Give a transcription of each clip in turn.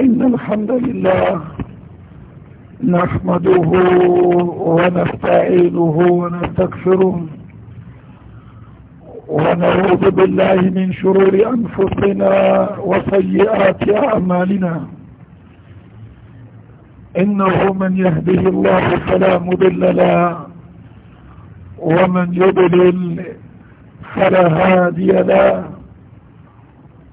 إن الحمد لله نحمده ونستعينه ونستغفره ونعوذ بالله من شرور أنفسنا وسيئات أعمالنا إنه من يهده الله فلا مضل له ومن يضلل فلا هادي له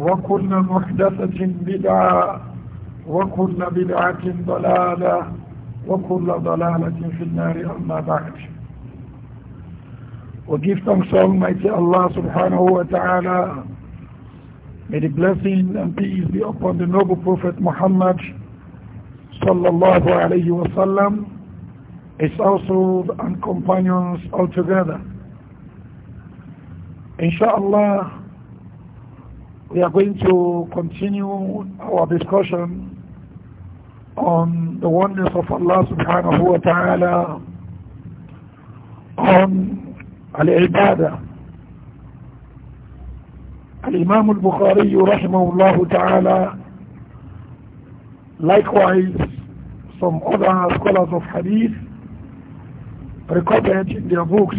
وكل محدثة بدعة وكل بدعة ضلالة وكل ضلالة في النار أما بعد We give thanks to Almighty Allah subhanahu May the blessing and peace be upon the noble Prophet Muhammad sallallahu alayhi wa sallam, his household and companions altogether. Inshallah, We are going to continue our discussion on the oneness of Allah subhanahu wa ta'ala on al-ibadah. Al-Imam al-Bukhari rahimahullah ta'ala likewise some other scholars of hadith recorded in their books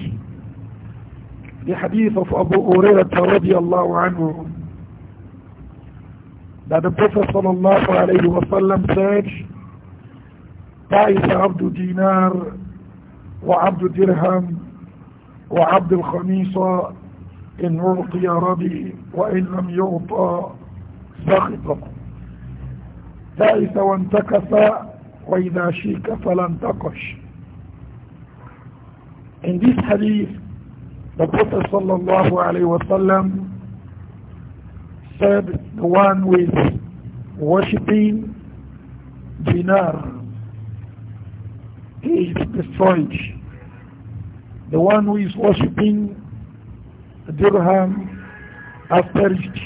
the hadith of Abu Urairah radiallahu anhu that the Prophet sallallahu alayhi wa sallam said, Ta'isa abdu dinar wa abdu dirham wa abdu al-khamisa in urqiya rabi wa in lam yu'ta sakhita. Ta'isa wa antakasa wa idha shika falantakash. In this hadith, the Prophet sallallahu alayhi wa sallam said the one with worshipping dinar he is destroyed. The one who is worshipping dirham has perished.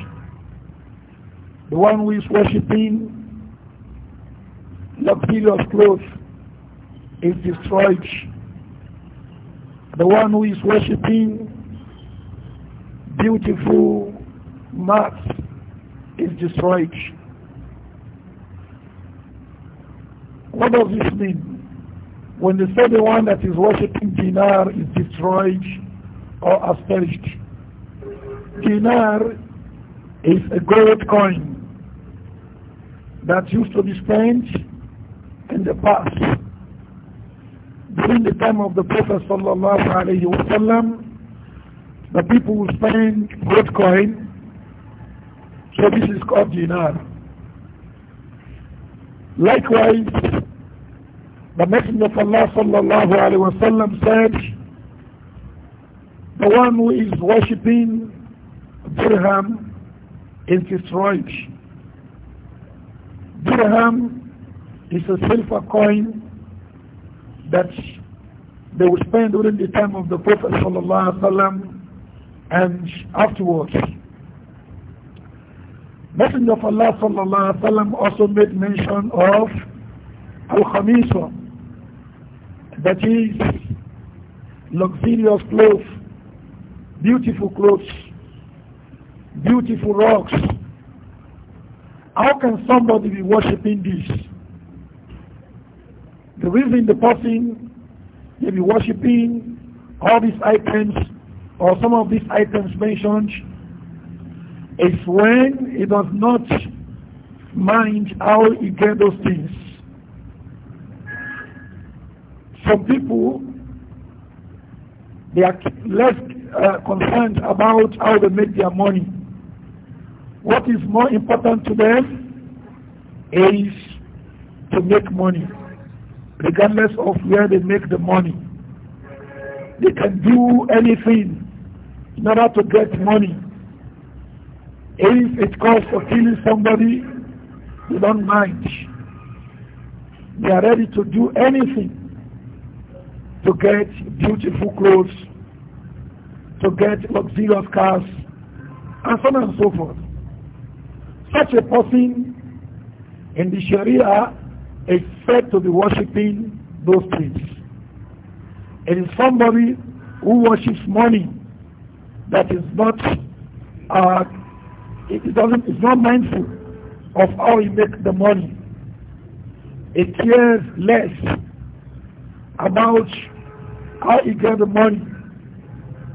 The one who is worshipping luxurious clothes is destroyed. The one who is worshipping beautiful maps is destroyed. What does this mean? When they say the one that is worshipping dinar is destroyed or has dinar is a gold coin that used to be spent in the past. During the time of the Prophet sallallahu alaihi wasallam, the people would spend gold coin this is called dinar. Likewise, the Messenger of Allah sallallahu wa wasallam said, the one who is worshipping dirham is destroyed. Dirham is a silver coin that they would spend during the time of the Prophet sallallahu and afterwards. Messenger of Allah sallallahu alaihi wasallam also made mention of al-khamisa, that is luxurious clothes, beautiful clothes, beautiful rocks. How can somebody be worshipping this? The reason the person may be worshipping all these items or some of these items mentioned is when he does not mind how he gets those things. Some people, they are less uh, concerned about how they make their money. What is more important to them is to make money, regardless of where they make the money. They can do anything in order to get money. If it calls for killing somebody, they don't mind. They are ready to do anything to get beautiful clothes, to get luxurious cars, and so on and so forth. Such a person in the Sharia is said to be worshipping those things. It is somebody who worships money that is not uh, it doesn't, it's not mindful of how he makes the money. It cares less about how he gets the money.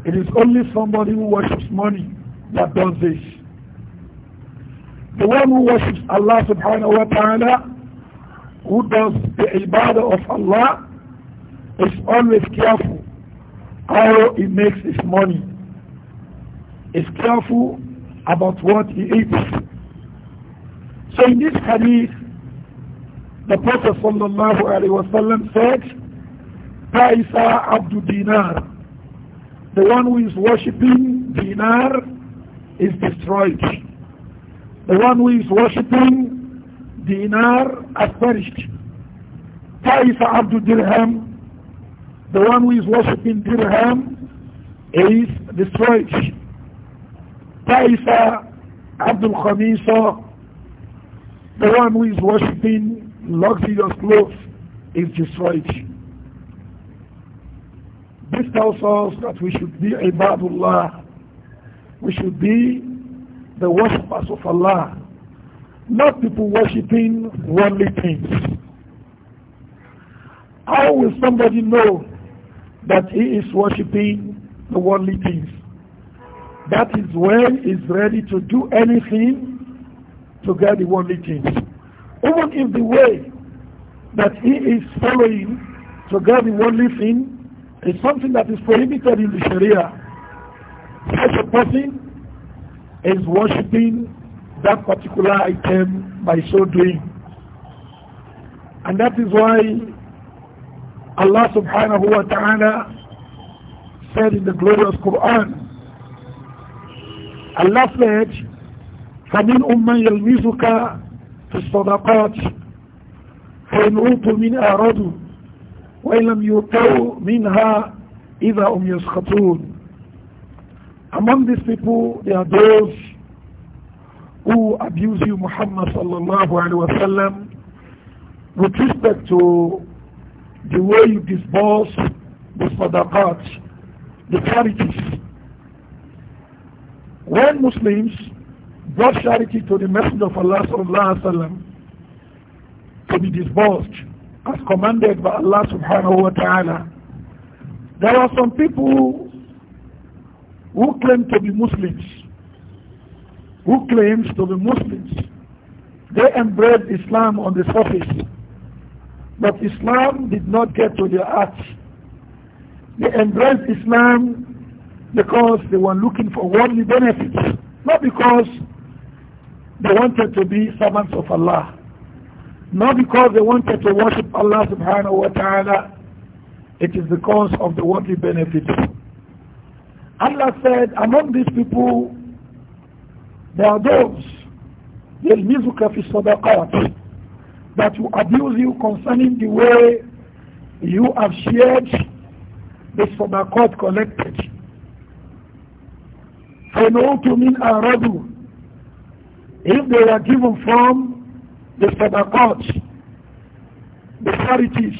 It is only somebody who worships money that does this. The one who worships Allah subhanahu wa ta'ala, who does the ibadah of Allah, is always careful how he makes his money. Is careful about what he eats. So in this hadith, the Prophet sallallahu alaihi wasallam said, "Taisa abdu dinar." The one who is worshipping dinar is destroyed. The one who is worshipping dinar has perished. Taisa abdu dirham. The one who is worshipping dirham is destroyed. Taifa, Abdul Khamisa, the one who is worshipping luxurious clothes is destroyed. This tells us that we should be ibadullah. We should be the worshippers of Allah. Not people worshipping worldly things. How will somebody know that he is worshipping the worldly things? That is when he's ready to do anything to get the worldly things. Even if the way that he is following to get the worldly thing is something that is prohibited in the Sharia, such a person is worshipping that particular item by so doing. And that is why Allah subhanahu wa ta'ala said in the glorious Quran Allah said, فَمِنْهُمْ مَنْ يَلْمِزُكَ فِي الصَّدَقَاتِ فَإِنْ أُوتُوا مِنْ أَعْرَضُوا وَإِنْ لَمْ يُؤْتَوْا مِنْهَا إِذَا هُمْ يَسْخَطُونَ Among these people, there are those who abuse you, Muhammad sallallahu عليه wasallam, with respect to the way you disburse the sadaqat, the charities when Muslims brought charity to the Messenger of Allah sallallahu alaihi wasallam to be disbursed as commanded by Allah subhanahu wa ta'ala, there are some people who claim to be Muslims, who claims to be Muslims. They embraced Islam on the surface, but Islam did not get to their heart. They embraced Islam because they were looking for worldly benefits, not because they wanted to be servants of Allah, not because they wanted to worship Allah subhanahu wa ta'ala. It is because of the worldly benefits. Allah said, among these people, there are those يلمزك في الصدقات that will abuse you concerning the way you have shared the sadaqat collected فَنُوتُ مِنْ أَرَضُ If they were given from the sadaqat, the charities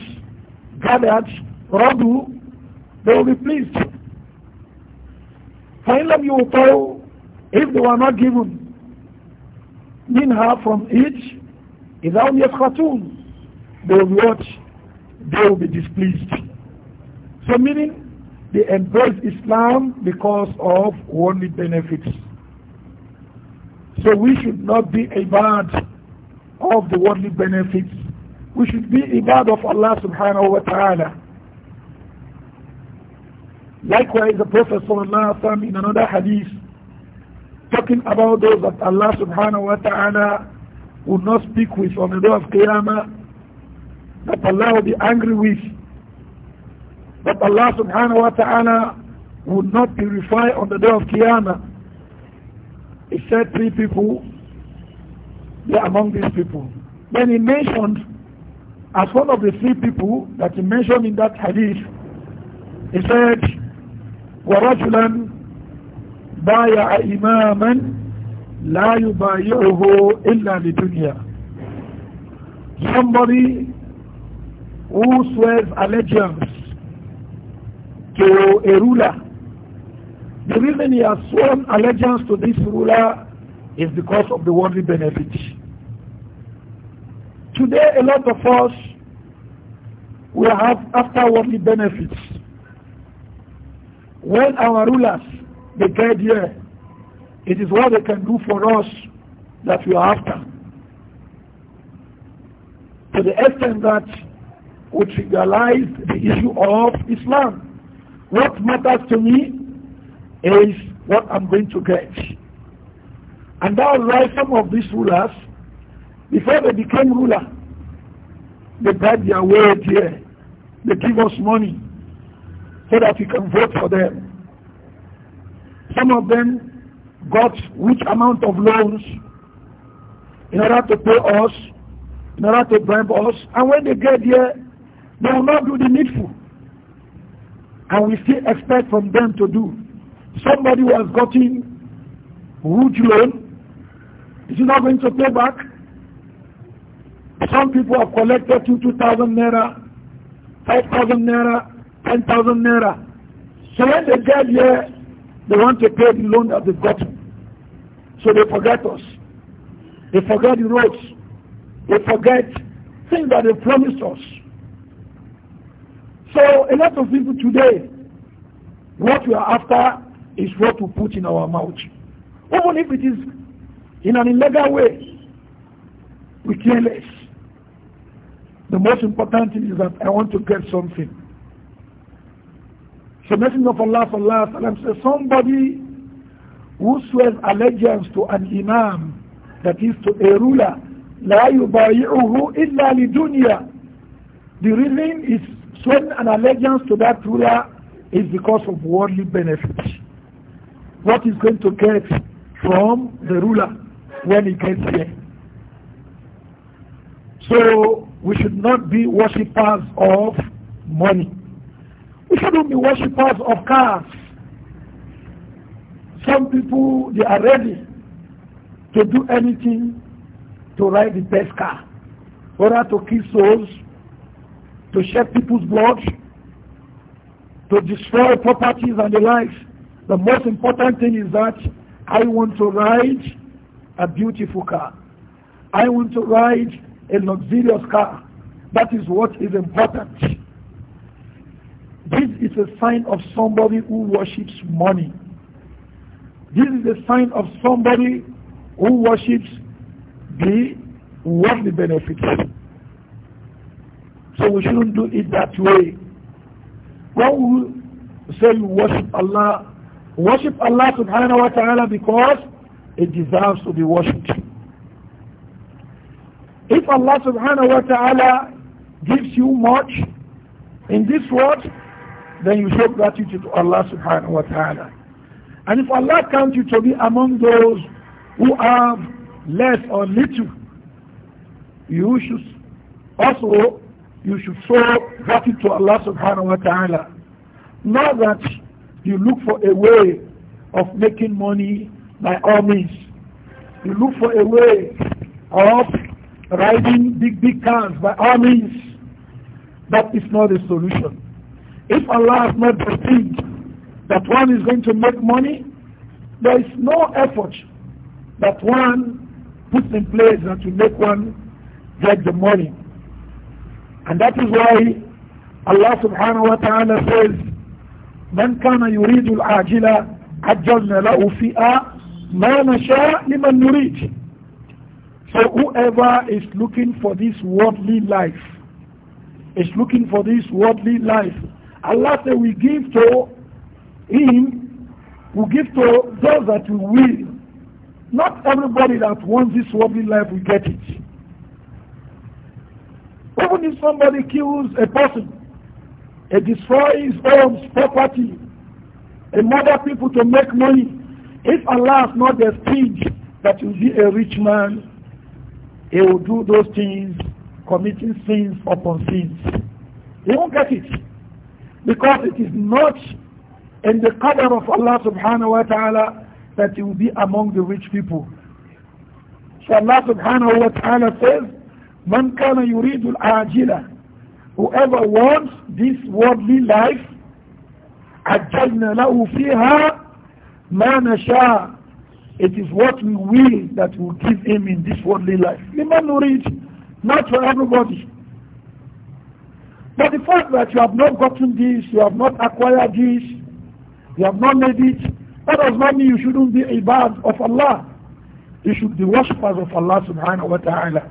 gathered, radu, they will be pleased. فَإِنْ لَمْ يُوْتَوْا If they were not given minha from each, إِذَا هُمْ يَسْخَطُونَ They will watch, they will be displeased. So meaning, they embrace Islam because of worldly benefits. So we should not be a bad of the worldly benefits. We should be a bad of Allah subhanahu wa ta'ala. Likewise, the Prophet sallallahu alaihi wasallam in another hadith talking about those that Allah subhanahu wa ta'ala will not speak with on the day of Qiyamah, that Allah will be angry with that Allah subhanahu wa ta'ala would not purify on the day of Qiyamah. He said three people, they are among these people. Then he mentioned, as one of the three people that he mentioned in that hadith, he said, وَرَجُلًا بايع إماما لا يبايعه إلا لدنيا Somebody who swears allegiance to a ruler. The reason he has sworn allegiance to this ruler is because of the worldly benefit. Today, a lot of us will have after worldly benefits. When our rulers, they guide here, it is what they can do for us that we are after. To the extent that we trivialize the issue of Islam. What matters to me is what I'm going to get. And that was why some of these rulers, before they became ruler, they bribe their way here. They give us money so that we can vote for them. Some of them got which amount of loans in order to pay us, in order to bribe us. And when they get there, they will not do the needful and we still expect from them to do. Somebody who has gotten huge loan, is he not going to pay back? Some people have collected 2,000 naira, 5,000 naira, 10,000 naira. So when they get here, they want to pay the loan that they've gotten. So they forget us. They forget the roads. They forget things that they promised us. So a lot of people today, what we are after is what we put in our mouth. Even if it is in an illegal way, we care less. The most important thing is that I want to get something. So nothing of Allah And I'm saying somebody who swears allegiance to an imam, that is to a ruler, لا يبايعه إلا لدنيا. The reason is swearing an allegiance to that ruler is because of worldly benefits. What is going to get from the ruler when he gets here? So we should not be worshippers of money. We shouldn't be worshippers of cars. Some people, they are ready to do anything to ride the best car, or to kiss souls to shed people's blood, to destroy properties and the lives. The most important thing is that I want to ride a beautiful car. I want to ride a luxurious car. That is what is important. This is a sign of somebody who worships money. This is a sign of somebody who worships the worldly benefits. So we shouldn't do it that way. When we say we worship Allah, worship Allah subhanahu wa ta'ala because it deserves to be worshipped. If Allah subhanahu wa ta'ala gives you much in this world, then you show gratitude to Allah subhanahu wa ta'ala. And if Allah counts you to be among those who have less or little, you should also you should show gratitude to Allah subhanahu wa ta'ala. Now that you look for a way of making money by all means. You look for a way of riding big, big cars by all means. That is not a solution. If Allah has not perceived that one is going to make money, there is no effort that one puts in place that will make one get the money. And that is why Allah subhanahu wa ta'ala says, من كان يريد العاجلة عجلنا له فيها ما نشاء لمن نريد So whoever is looking for this worldly life, is looking for this worldly life, Allah said we give to him, we give to those that we will. Not everybody that wants this worldly life will get it. Even if somebody kills a person, a destroys homes, property, and murder people to make money, if Allah has not esteemed that you be a rich man, he will do those things, committing sins upon sins. He won't get it. Because it is not in the cover of Allah subhanahu wa ta'ala that he will be among the rich people. So Allah subhanahu wa ta'ala says, Man kana yuridul ajila. Whoever wants this worldly life, عجلنا له فيها ما نشاء. It is what we will that will give him in this worldly life. لمن نريد Not for everybody. But the fact that you have not gotten this, you have not acquired this, you have not made it, that does not mean you shouldn't be a ibad of Allah. You should be worshippers of Allah subhanahu wa ta'ala.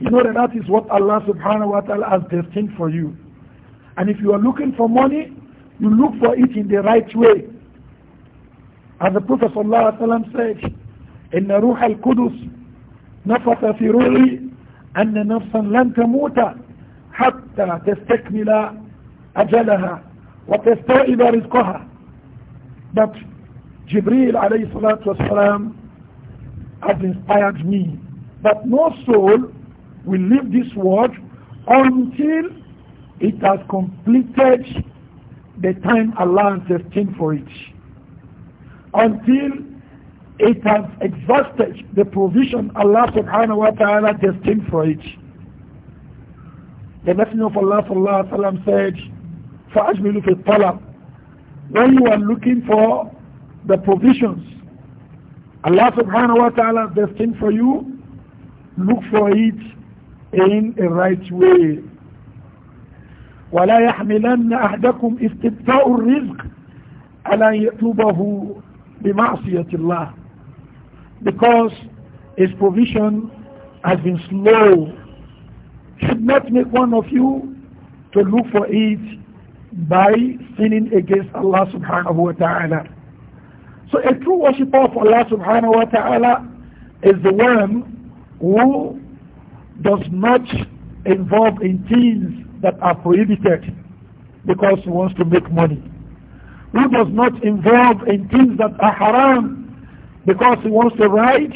You know that that is what Allah subhanahu wa ta'ala has destined for you. And if you are looking for money, you look for it in the right way. As the Prophet sallallahu alaihi wasallam said, إن روح القدس نفث في روحي أن نفسا لن تموت حتى تستكمل أجلها وتستوعب رزقها. But Jibril alayhi salatu wasalam has inspired me that no soul will leave this world until it has completed the time Allah has destined for it. Until it has exhausted the provision Allah subhanahu wa ta'ala destined for it. The Messenger of Allah sallallahu alayhi wa said, فَأَجْمِلُوا فِي الطَّلَبِ When you are looking for the provisions Allah subhanahu wa ta'ala destined for you, look for it in a right way ولا يحملن أحدكم استبتاء الرزق على يطلبه بمعصية الله because his provision has been slow should not make one of you to look for it by sinning against Allah subhanahu wa ta'ala. So a true worshipper of Allah subhanahu wa ta'ala is the one who does not involve in things that are prohibited because he wants to make money. Who does not involve in things that are haram because he wants to ride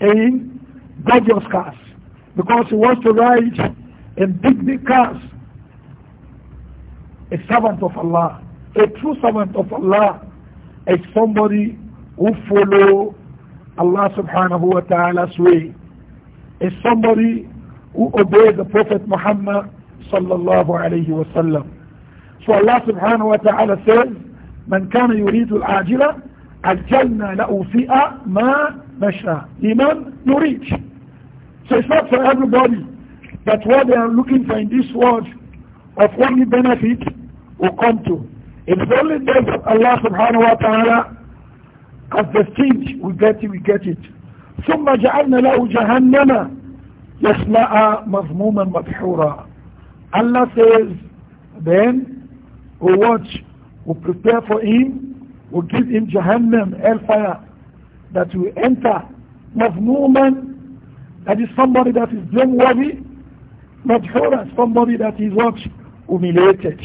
in gorgeous cars, because he wants to ride in big, big cars. A servant of Allah, a true servant of Allah is somebody who follow Allah subhanahu wa ta'ala's way is somebody who obeys the Prophet Muhammad sallallahu alayhi wa sallam. So Allah subhanahu wa ta'ala says, من كان يريد العاجلة عجلنا له فيها ما نشاء لمن يريد. So it's not for everybody that what they are looking for in this world of only benefit will come to. It's only that Allah subhanahu wa ta'ala has the change, we get it, we get it. ثم جعلنا له جهنم يصلأ مضموما مدحورا Allah says then we watch we prepare for him we give him Jahannam hellfire that will enter مضموما that is somebody that is blameworthy مبحورا somebody that is what humiliated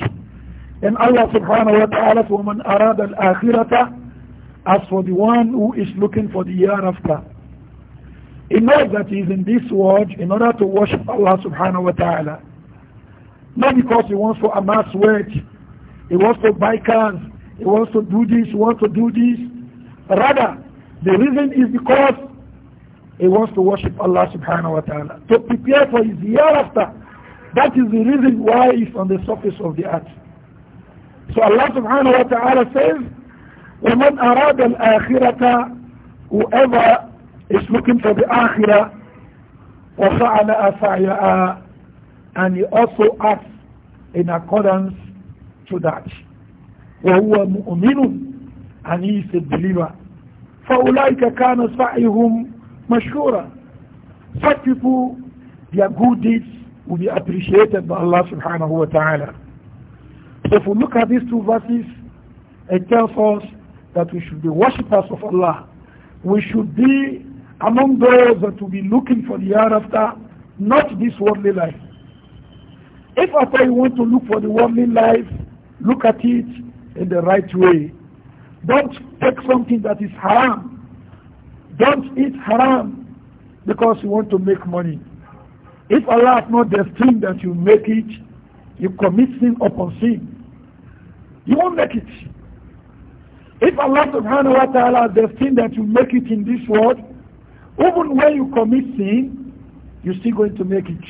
and Allah subhanahu wa ta'ala وَمَنْ أَرَادَ الْآخِرَةَ as for the one who is looking for the year after He knows that he is in this world in order to worship Allah subhanahu wa ta'ala. Not because he wants to amass wealth, he wants to buy cars, he wants to do this, he wants to do this. Rather, the reason is because he wants to worship Allah subhanahu wa ta'ala. To prepare for his hereafter. That is the reason why he's on the surface of the earth. So Allah subhanahu wa ta'ala says, وَمَنْ أَرَادَ الْآخِرَةَ Whoever is looking for the akhirah وَسَعَلَ أَسَعْيَهَا and he also acts in accordance to that وَهُوَ مُؤْمِنٌ and he is a believer فَأُولَٰئِكَ كَانَ سَعْيُهُمْ مَشْكُورًا such people their good deeds will be appreciated by Allah subhanahu wa ta'ala so if we look at these two verses it tells us that we should be worshippers of Allah we should be among those that will be looking for the hereafter, not this worldly life. If after you want to look for the worldly life, look at it in the right way. Don't take something that is haram. Don't eat haram because you want to make money. If Allah has not destined that you make it, you commit sin upon sin. You won't make it. If Allah subhanahu wa ta'ala destined that you make it in this world, even when you commit sin, you're still going to make it.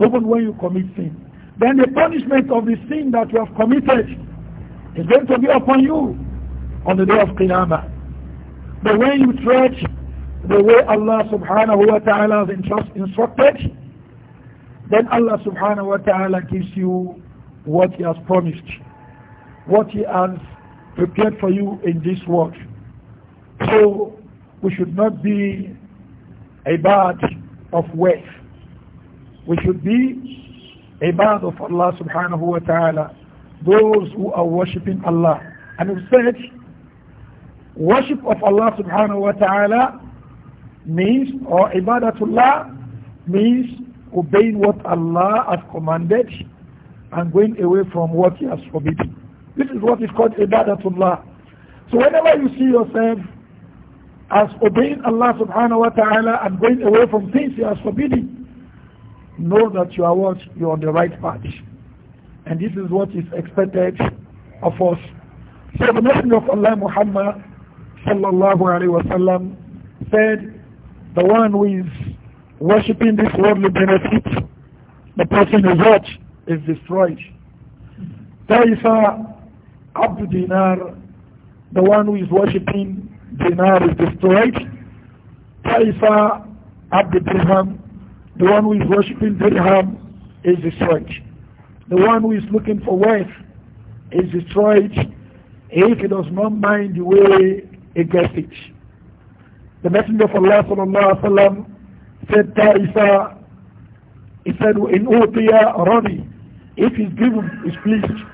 Even when you commit sin. Then the punishment of the sin that you have committed is going to be upon you on the day of Qiyamah. But when you tread the way Allah subhanahu wa ta'ala has instructed, then Allah subhanahu wa ta'ala gives you what He has promised, what He has prepared for you in this world. So we should not be a bad of wealth. We should be a bad of Allah subhanahu wa ta'ala, those who are worshipping Allah. And we said, worship of Allah subhanahu wa ta'ala means, or ibadatullah means obeying what Allah has commanded and going away from what He has forbidden. This is what is called ibadatullah. So whenever you see yourself as obeying Allah subhanahu wa ta'ala and going away from things He has forbidden, know that you are what? You are on the right path. And this is what is expected of us. So the Messenger of Allah Muhammad sallallahu alayhi wa sallam said, the one who is worshipping this worldly benefit, the person who what? Is destroyed. Taifa Abdu Dinar, the one who is worshipping dinar is destroyed, Taifa Abd Dirham, the one who is worshipping Dirham is destroyed. The one who is looking for wealth is destroyed if he does not mind the way he gets it. The Messenger of Allah sallallahu alaihi said Taifa, he said, in Utiya Rabi, if he's given, is pleased.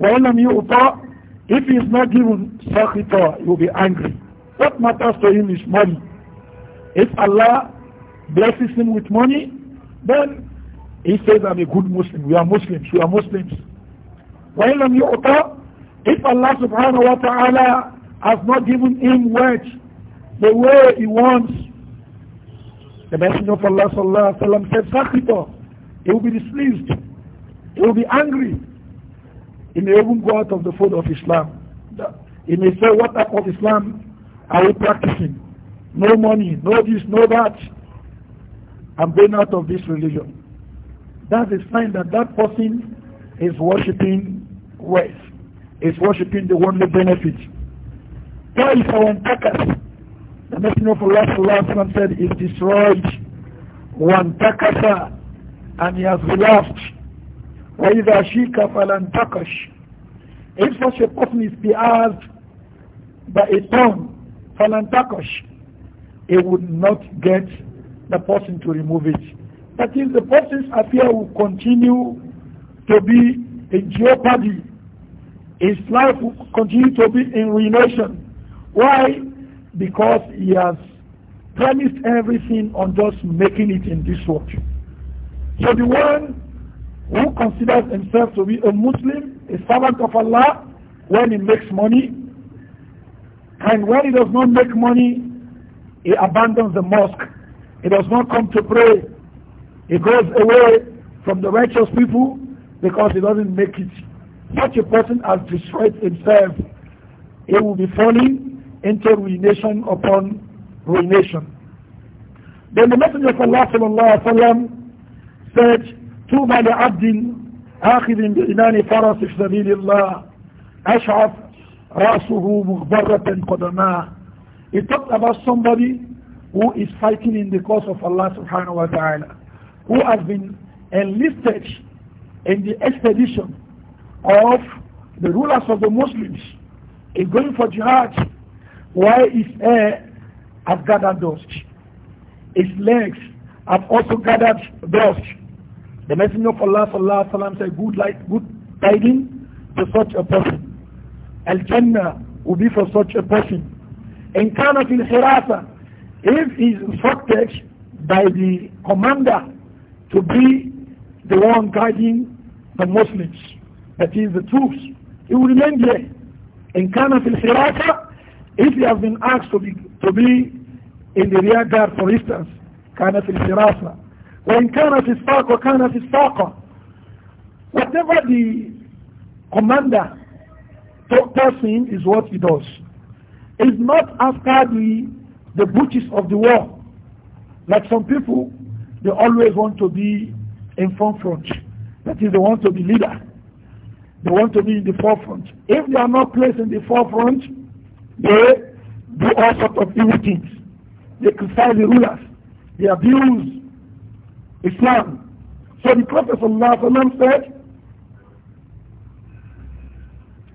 وَإِنَّمْ يُؤْطَى if he is not given sakhita, he will be angry. What matters to him is money. If Allah blesses him with money, then he says, I'm a good Muslim. We are Muslims. We are Muslims. your يُعْطَى If Allah subhanahu wa ta'ala has not given him wealth the way he wants, the Messenger of Allah sallallahu sallam said, sakhita. He will be displeased. He will be angry. He may even go out of the fold of Islam. He may say, what type of Islam are we practicing? No money, no this, no that. I'm going out of this religion. That is sign that that person is worshipping wealth, is worshipping the only benefit. Taifa our Takas, the Messenger of Allah said, is destroyed. One Takasa, and he has relapsed. وَإِذَا شِيكَ فَلَنْ تَقَشْ If such a person is behaved by a tongue, فَلَنْ تَقَشْ he would not get the person to remove it. That is, the person's affair will continue to be in jeopardy. His life will continue to be in ruination. Why? Because he has premised everything on just making it in this world. So the one who considers himself to be a Muslim, a servant of Allah, when he makes money, and when he does not make money, he abandons the mosque. He does not come to pray. He goes away from the righteous people because he doesn't make it. Such a person has destroyed himself. He will be falling into ruination upon ruination. Then the Messenger of Allah sallallahu said, طوبى لعبد آخذ بعنان فرس سبيل الله أشعف رأسه مغبرة قدماه It about somebody who is fighting in the cause of Allah subhanahu wa ta'ala, who has been enlisted in the expedition of the rulers of the Muslims in going for jihad, Why his hair has gathered dust. His legs have also gathered dust. The Messenger of Allah sallallahu said, "Good light, good tidings to such a person. Al Jannah will be for such a person. In kana fil hirasa, if he is instructed by the commander to be the one guiding the Muslims, that is the troops, he will remain there. In kana fil hirasa, if he has been asked to be to be in the rear guard, for instance, kana fil hirasa. وإن كان في الساق وكان whatever the commander tells him is what he does it's not after the the butchers of the war like some people they always want to be in front front that is they want to be leader they want to be in the forefront if they are not placed in the forefront they do all sorts of evil things they criticize the rulers they abuse Islam. So the Prophet ﷺ said,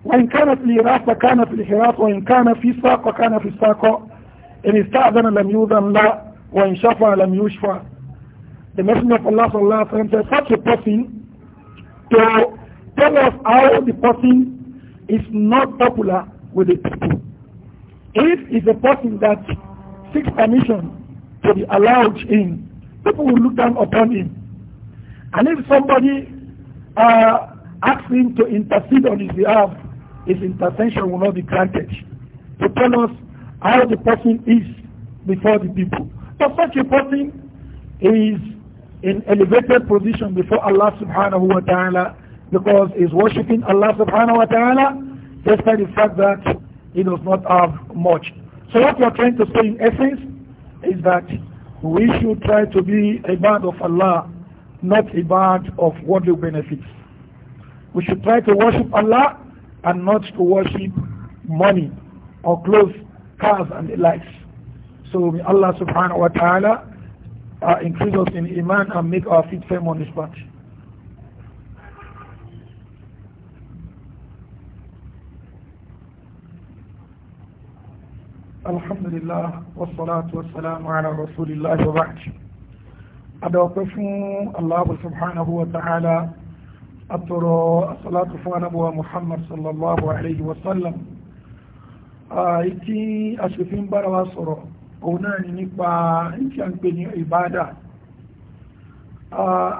وإن كانت لي رأس كان في الحراس وإن كان في ساق كان في الساق إن استأذن لم يؤذن لا وإن لم The Messenger of Allah sallallahu alayhi wa said, such a person to tell us how the person is not popular with the people. If it's a person that seeks permission to be allowed in, people will look down upon him. And if somebody uh, asks him to intercede on his behalf, his intercession will not be granted. To tell us how the person is before the people. But such a person is in elevated position before Allah subhanahu wa ta'ala because he's worshipping Allah subhanahu wa ta'ala despite the fact that he does not have much. So what we are trying to say in essence is that we should try to be a bad of Allah, not a bad of worldly benefits. We should try to worship Allah and not to worship money or clothes, cars and the likes. So may Allah subhanahu wa ta'ala uh, increase us in Iman and make our feet firm on this path. الحمد لله والصلاة والسلام على رسول الله وبعد أدوكفوا الله سبحانه وتعالى أطروا الصلاة فانبوا محمد صلى الله عليه وسلم àìkí aṣòfin bára wa sọ̀rọ̀ òun náà ni nípa ìkí à ń pè ní ìbádà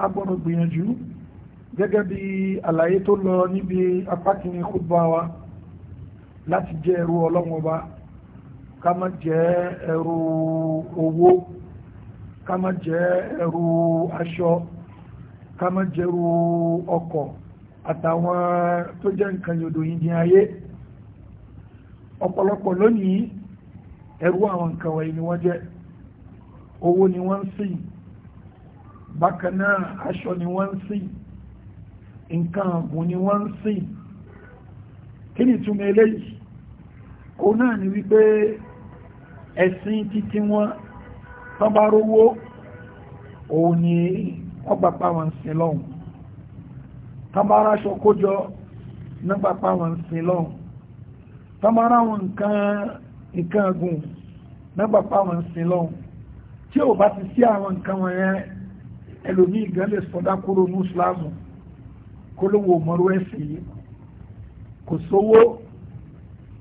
agbọ́nà gbìyànjú gẹ́gẹ́ bí àlàyé tó lọ níbi apákiní kúgbà wa láti jẹ́ ẹrú ọlọ́wọ́ba kama jẹ jẹ́ ẹrú owó ká má jẹ́ aṣọ kama má jẹ́ ọkọ ọkọ̀ àtàwọn tó jẹ́ nǹkan yòdò yìí dín ayé ọ̀pọ̀lọpọ̀ lónìí ẹrú àwọn nǹkan ni wọ́n jẹ́ owó ni wọ́n ń sìn bákan náà aṣọ ni wọ́n ń sìn nǹkan ààbùn ni wọ́n ń sìn kí ni ìtumọ̀ eléyìí òun náà ni wípé ẹ̀sìn títí wọn tán bá rówó òun ni wọ́n gbà páwọn sin lọ́hùn tán bá ráṣọ kójọ nígbà páwọn sin lọ́hùn tán bá ráwọn nǹkan gùn nígbà páwọn sin lọ́hùn tí ò bá ti sí àwọn nǹkan wọ̀nyẹn ẹlòmí ìgán lè sọdá kúrò ní ìsìláàmù kó ló wo mọ́rú ẹ̀sìn yìí kò sówó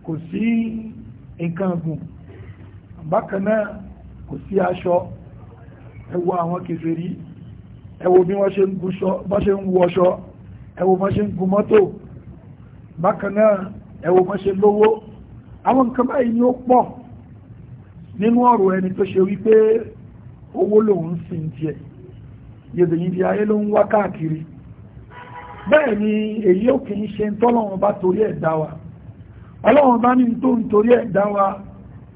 kò sí nǹkan gùn bákan náà kò sí aṣọ ẹ wo àwọn kèfèrí ẹ wo bí wọ́n ṣe ń wọṣọ ẹ wo bọ́n ṣe ń gun mọ́tò bákan náà ẹ ṣe lówó àwọn nǹkan báyìí ni ó pọ̀ nínú ọ̀rọ̀ ẹni tó ṣe wípé owó lòun sì ń tiẹ̀ yẹ̀dẹ̀yìn di ayé ló ń wá káàkiri bẹ́ẹ̀ ni èyí ò kì í ṣe tọ́lọ́wọ́n bá torí ẹ̀ dá wa ọlọ́wọ́n bá ní tó ń torí ẹ̀ dá wa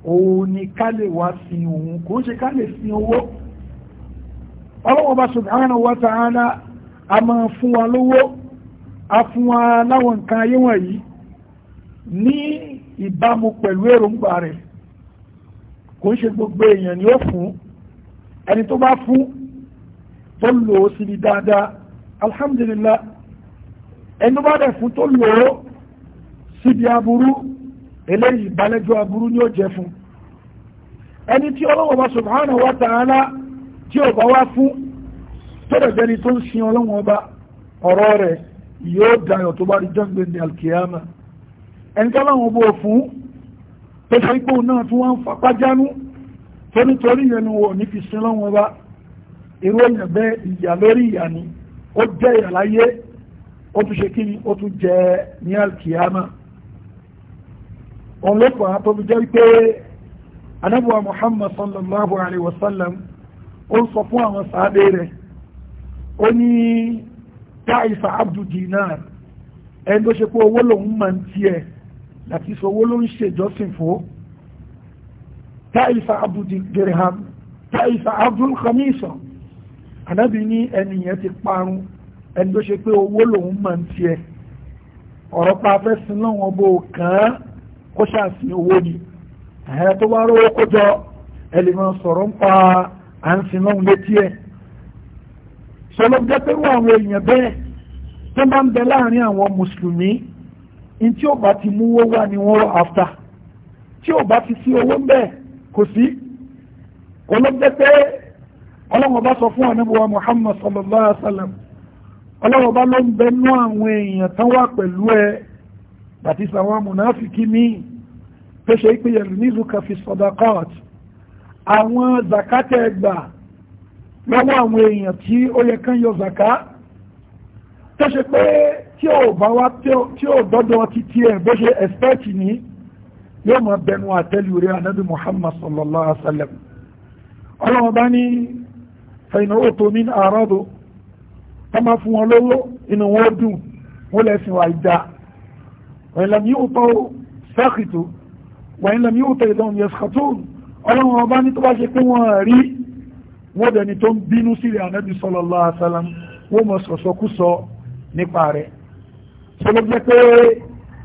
òun ni ká lè wá sin òun kò ń ṣe ká lè sin owó ọlọ́wọ́ bá subhanahu wa ta'ala a máa fún wa lówó a fún wa láwọn nǹkan ayé wọ̀nyí ní ìbámu pẹ̀lú èròǹgbà rẹ̀ kò ń ṣe gbogbo èèyàn ni ó fún ẹni tó bá fún tó lò ó síbi dáadáa alhamdulillah ẹni tó bá dẹ̀ fún tó lò ó síbi aburú eléyìí ìbálẹ́jọ́ aburú ni ó jẹ́ fún ẹni tí ọlọ́wọ́ bá subhanahu wa ta'ala tí ó bá wá fún tọ́rọ̀ jẹ́ni tó ń sin ọlọ́wọ́ bá ọ̀rọ̀ rẹ̀ yóò dayọ̀ tó bá rí jọ́gbé ní alkiyama ẹni tí ọlọ́wọ́ bó fún tó ṣe ipò náà tí wọ́n ń fapá jánú tó nítorí yẹnu wọ̀ ní fi sin ọlọ́wọ́ bá irú èèyàn bẹ́ẹ̀ ìyà lórí ìyà ni ó jẹ́ ìyà láyé ó tún ṣe kí ni ó tún jẹ ní alkiyama òun ló fà á tó fi jẹ́ wípé anábùwà muhammad sallallahu alayhi wa sallam ó sọ fún àwọn sàábé rẹ̀ ó ní táìsà abdu dinar ẹni tó ṣe pé owó lòun máa ń tiẹ̀ láti sọ owó ló ń ṣèjọsìn fún táìsà abdu dirham táìsà abdu anábì ní ẹnìyẹn ti parun ẹni tó ṣe pé owó lòun máa ń tiẹ̀ ọ̀rọ̀ pa afẹ́sìn náà wọn bó kàn án kó ṣàfihàn owó ni ẹ̀hẹ́ tó bá rówó kójọ ẹlẹ́mọ̀ sọ̀rọ̀ ń pa à ń sin lọ́hùn létí ẹ̀ sọlọ́ jẹ́ pé wọ́n àwọn èèyàn bẹ́ẹ̀ tó bá ń bẹ láàrin àwọn mùsùlùmí ní tí ó bá ti mú owó wá ni wọ́n rọ after tí ó bá ti sí owó ń bẹ̀ kò sí olóńgbé pé ọlọ́wọ́n bá sọ fún ànábọ̀wá Muhammad sallallahu alaihi wa sallam ọlọ́wọ́n bá ló ń bẹ nú àwọn èèyàn tán wà pẹ̀lú ẹ̀ Batisa is àwọn amúnáfikí míì tó ṣe pé yẹ̀rùnízùkà fi sadaqat àwọn zakatẹ̀ ẹgbà lọ́wọ́ àwọn èèyàn tí ó yẹ kán yọ zaka tó ṣe pé tí ò bá wá tí ò dọ́dọ̀ títí ẹ̀ bó ṣe expect ní yóò máa bẹnu àtẹ́lù rẹ̀ anábì Muhammad sallallahu alaihi wa sallam ọlọ́wọ́ bá ní fẹ̀yìnà òtò ní àárọ̀dọ̀ wọ́n máa fún wọn lówó inú wọn dùn wọ́n lẹ́sìn wà ìdá وإن لم يؤطوا سخطوا وإن لم يؤطوا إذن يسخطون ọlọ́run ọba ní tó bá ṣe pé wọ́n rí wọ́n dẹni tó ń bínú sílẹ̀ ànábì sallallahu alaihi wasallam wọ́n mọ̀ sọ̀sọ̀kúsọ nípa rẹ̀ tó ló jẹ́ pé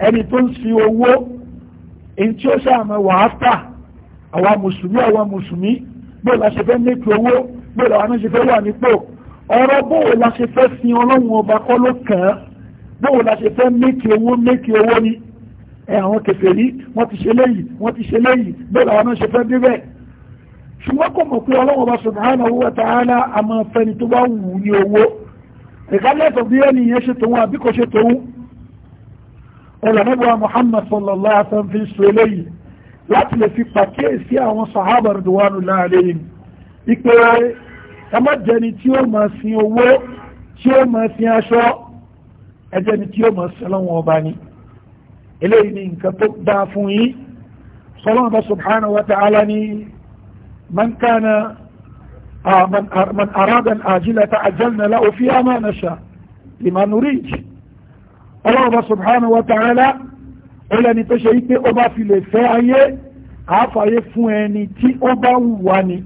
ẹni tó ń fi owó èyí tí ó ṣàmọ̀ wàhátà àwa mùsùlùmí àwa mùsùlùmí bó la ṣe fẹ́ mẹ́kì owó bóòwò la ṣe fẹ́ mékì owó mékì owó ni ẹ àwọn kèfèrí wọ́n ti ṣe léyìí wọ́n ti ṣe léyìí bẹ́ẹ̀ làwọn náà ṣe fẹ́ débẹ̀ ṣùgbọ́n kò mọ̀ pé ọlọ́wọ́ bá subhanahu wa ta'ala a máa fẹ́ni tó bá wù ní owó ìkálẹ́tọ̀ bí ẹni yẹn ṣe tòun àbí kò ṣe tòun ọlọ́nàbíwá Muhammad sallallahu alaihi wa jẹni tí ó máa sin owó tí ó máa sin aṣọ ẹjẹ́ ni tí ó mọ̀ sẹ́lọ́wọ́n ọba ni eléyìí ni nǹkan tó dá fún yín sọlọ́wọ́n bá subhanahu wa ta'ala ni man kana man arada al-ajila ta'ajjalna lahu fiha ma nasha liman nurid ọlọ́wọ́n bá subhanahu wa ta'ala ó lẹ́ni tó ṣe wípé ó bá fi lè fẹ́ ayé àáfàyè fún ẹni tí ó bá wù wá ni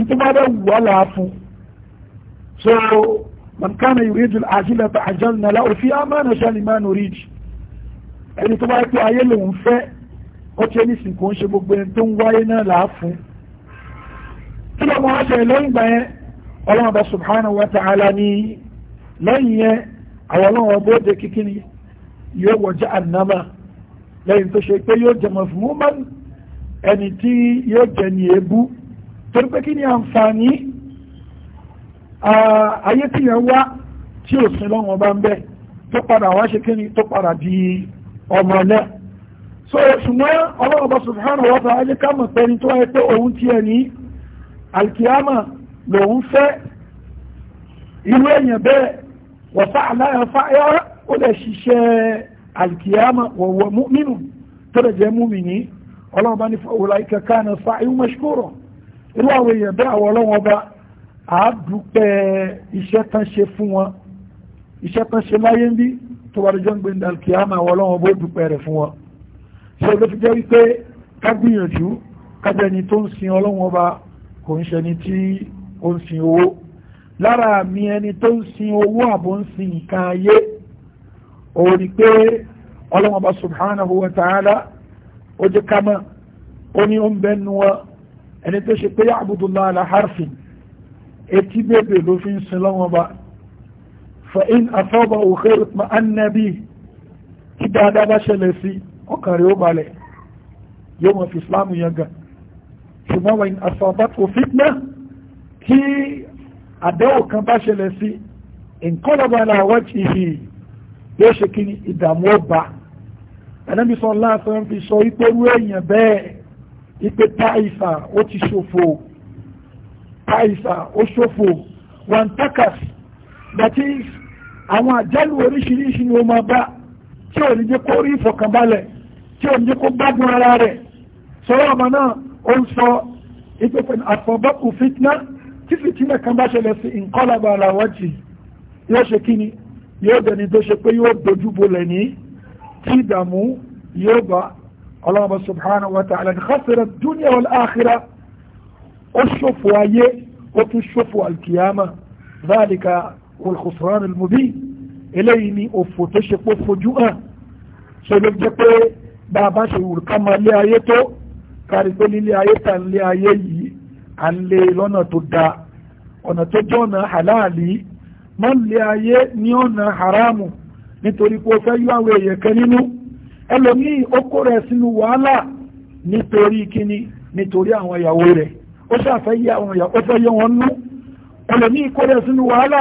ìtúbádẹ́ wù wá làá fún so man kana yuridu al-ajila ta'ajjalna lahu fiha ma nasha liman nurid ẹni tó bá pé ayé lòun fẹ́ ó ti ẹni sìn kò ń ṣe gbogbo ẹni tó ń wáyé náà là á fún kí ló mọ ọṣẹ lẹ́yìn gbà yẹn ọlọ́run ọba subhanahu wa ta'ala ni lẹ́yìn yẹn àwọn ọlọ́run ọba ó de kíkiri yóò wọ jahannama lẹ́yìn tó ṣe pé yóò jẹ mọ̀fúnmọ́ ẹni tí yóò jẹ ní ebú torí pé kí ni àǹfààní ayé tí yẹn wá tí ò sin lọ́wọ́n bá ń bẹ́ tó padà wá ṣe kíni tó padà di ọmọ náà so ṣùgbọ́n ọlọ́wọ́ bá subhanahu wa ta'ala ká mọ̀ pẹ́ni tó wáyé pé òun tiẹ̀ ní alkiyama lòun fẹ́ irú èèyàn bẹ́ẹ̀ wọ̀fà aláyọ̀ fáyà ó lè ṣiṣẹ́ alkiyama wọ̀wọ̀ mímú tó lè jẹ́ múmìnì ọlọ́wọ́ bá ní fọwọ́lá ìkẹ́kẹ́ náà fáyà mashkura irú àwọn èèyàn bẹ́ẹ̀ àwọn ọlọ́wọ́ bá àádúpẹ́ iṣẹ́ tán ṣe fún wọn iṣẹ́ tán ṣe láyé ń bí tó wà lójọ́ ń gbé ndàlùkì àmà àwọn ọlọ́wọ́n bó dúpẹ́ rẹ̀ fún wọn ṣe ló fi jẹ́ wípé ká kájẹni tó ń sin ọlọ́wọ́n ọba kò ń ṣẹni tí ó ń sin owó lára mi ẹni tó ń sin owó àbò ń sin nǹkan ayé òun ni pé ọlọ́wọ́n ọba subhanahu wa ta'ala ó jẹ́ ká ó ní ó ń bẹ́nu wọn ẹni tó ṣe pé ya'budullaha harfin etí bèbè ló fi ń sin lọ́wọ́n bá fa'in asọ́bà òkè ìpín annabi kí dáadáa bá ṣẹlẹ̀ sí ọkàn rẹ̀ ó balẹ̀ yóò mọ̀ fi islam yẹn gan ṣùgbọ́n wa'in asọ́bà tó fitna kí àdẹ́wò kan bá ṣẹlẹ̀ sí ìkọlọ́bà náà wọ́n ti hì yóò ṣe kí ìdààmú ọba ẹ̀nàbí sọ láàfin fi sọ ìpẹ́rú èèyàn bẹ́ẹ̀ ìpẹ́ táìfà ó ti ṣòfò àìsà ó ṣòfò wọn takas that is àwọn àjálù oríṣiríṣi ni ó máa bá tí ò ní jẹ́ kó rí ìfọ̀kànbalẹ̀ tí ò ní jẹ́ kó gbádùn ara rẹ̀ sọ́rọ̀ ọmọ náà ó ń sọ ìpèpè àfọ̀bọ́kù fitna tí fìtínà kan bá ṣẹlẹ̀ sí ìǹkọ́làbà àlàwọ́jì yóò ṣe kí ni yóò dẹni tó ṣe pé yóò dojú bolẹ̀ ní tí ìdààmú yóò bá ọlọ́mọba subhanahu wa ta'ala ní khasirat dunya wal akhirah ó ṣòfò ayé ó tún ṣòfò alkiyama zalika olùkùsùrán ilmùbí eléyìí ni òfò tó ṣe pé fojú hàn ṣe ló jẹ́ pé bá a bá ṣe wùrù ká máa lé ayé tó kárí pé nílé ayé tà ń lé ayé yìí à ń lé e lọ́nà tó dáa ọ̀nà tó jẹ́ ọ̀nà àláàlì má ń lé ayé ní ọ̀nà haramu nítorí pé ó fẹ́ yọ àwọn èèyàn kan nínú ẹlòmíì ó kó rẹ̀ sínú wàhálà nítorí kíni nítorí àwọn ìyàwó rẹ̀ ó ṣàfẹ́ yẹ àwọn èèyàn ó fẹ́ yọ wọn nú ó lè ní ìkórẹ̀ sínú wàhálà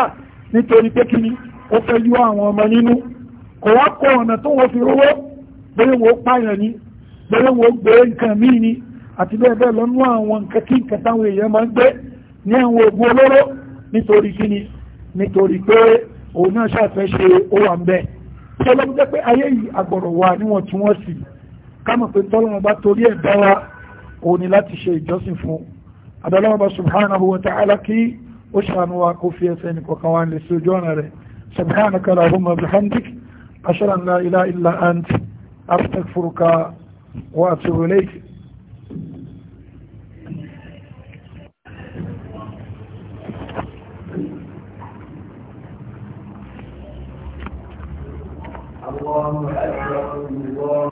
nítorí pé kíni ó fẹ́ yọ àwọn ọmọ nínú kò wá kọ ọ̀nà tó wọ́n fi rówó bẹ́ẹ̀ wọ́n pààyàn ni bẹ́ẹ̀ wọ́n gbé nǹkan míì ni àti bẹ́ẹ̀ bẹ́ẹ̀ lọ́nú àwọn nǹkan kí nǹkan táwọn pé òun náà torí ẹ̀ dára òun láti ṣe ìjọsìn fún adọ́lọ́wọ́ba subhanahu wa ta'ala kí ó ṣàánú wa kó fi ẹsẹ̀ ní kọ̀kan wa lè sojú ọ̀nà rẹ̀ subhanaka allahumma bihamdik ashhadu an la ilaha illa ant astaghfiruka wa atubu ilayk اللهم أكبر الله